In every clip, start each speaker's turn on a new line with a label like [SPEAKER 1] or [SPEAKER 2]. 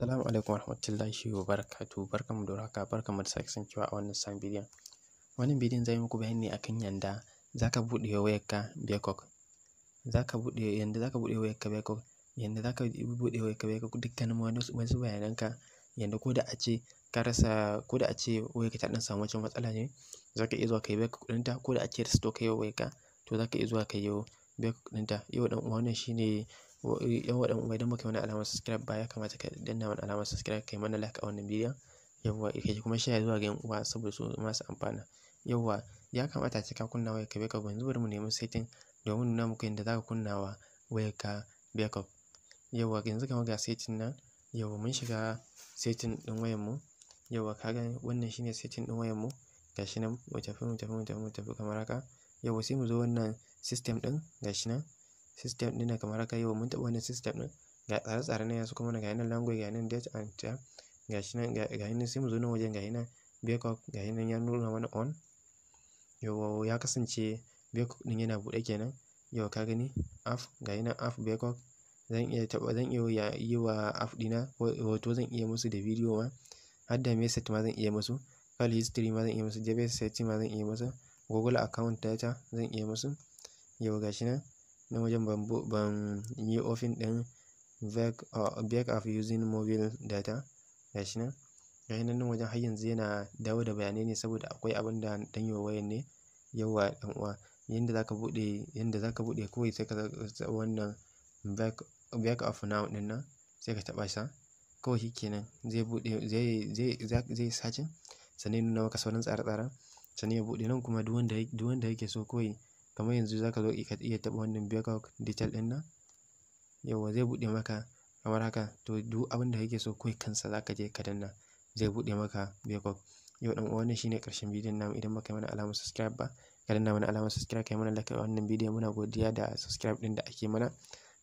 [SPEAKER 1] Salamu alaikum wa wabarakatuh barkanmu da warhaka barkanmu da sake kasancewa a wannan sabon bidiyon wannan bidiyon zai muku bayani ne akan yanda zaka buɗe ka bekok zaka buɗe yanda zaka buɗe ka bekok yanda zaka wayar ka bekok dukkanin wani wasu ka, yanda ko da a ce ka rasa ko da a ce ka ta ɗan samu wata matsala ne zaka iya zuwa kai Bangkok ɗinta ko da a ce restore kai ka, to zaka iya zuwa kai din ta yau dan uwa wannan shine yawa dan uwa idan baka yi wani alamar subscribe ba ya kamata ka danna wani alamar subscribe kai mana like a wannan bidiyon yawa kai kuma share zuwa ga yan uwa saboda su ma su amfana yawa ya kamata ce ka kunna waya ka beka yanzu bari mu nemi setting domin nuna muku yadda zaka kunna wa waya ka backup yawa yanzu kamar ga setting nan yawa mun shiga setting din wayan mu yawa ka ga wannan shine setting din wayan mu gashi nan mu tafi mu tafi mu tafi mu tafi kamar haka yawa sai mu zo wannan system din gashi nan system ɗin kamar haka yau mun taɓa wannan system ɗin ga tsare-tsare na yanzu kuma ga yanan language ga yanan date and time ga shi nan ga yanan sai mu zo nan wajen ga yanan backup ga yanan ya nuna mana on yawa ya kasance backup ɗin yana buɗe kenan yawa ka gani Af, ga yanan af backup zan iya taɓa zan iya yi wa app ɗina hoto zan iya musu da bidiyo ma har da message ma zan iya musu file history ma zan iya musu database setting ma zan iya musu google account data zan iya musu yau shi nan na wajen ban, ban yi ofin ɗin uh, back, of using mobile data gashi nan gashi nan nan wajen har yanzu yana dawo da bayanai ne saboda akwai abin da ɗan yiwa wayan ne yawa ɗan uwa yanda zaka buɗe yanda zaka buɗe kawai sai ka wannan back back of now ɗin nan sai ka taɓa sa kawai shikenan zai buɗe zai zai zai sace sannan ya nuna maka sauran tsare-tsaren sannan ya buɗe nan kuma duk wanda duk wanda yake so kawai kamar yanzu zaka zo ka iya taɓa wannan background detail ɗin nan yauwa zai buɗe maka kamar haka to duk abin da kake so kawai kansa zaka je ka danna zai buɗe maka background yau ɗan uwa wannan shine ƙarshen bidiyon namu idan baka yi mana alamar subscribe ba ka danna mana alamar subscribe kai mana like wannan bidiyon muna godiya da subscribe ɗin da ake mana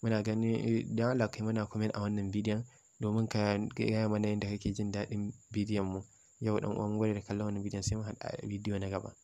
[SPEAKER 1] muna gani don Allah kai mana comment a wannan bidiyon domin ka gaya mana yadda kake jin daɗin bidiyon mu yau ɗan uwa mun gwada da kallon wannan bidiyon sai mu haɗa bidiyo na gaba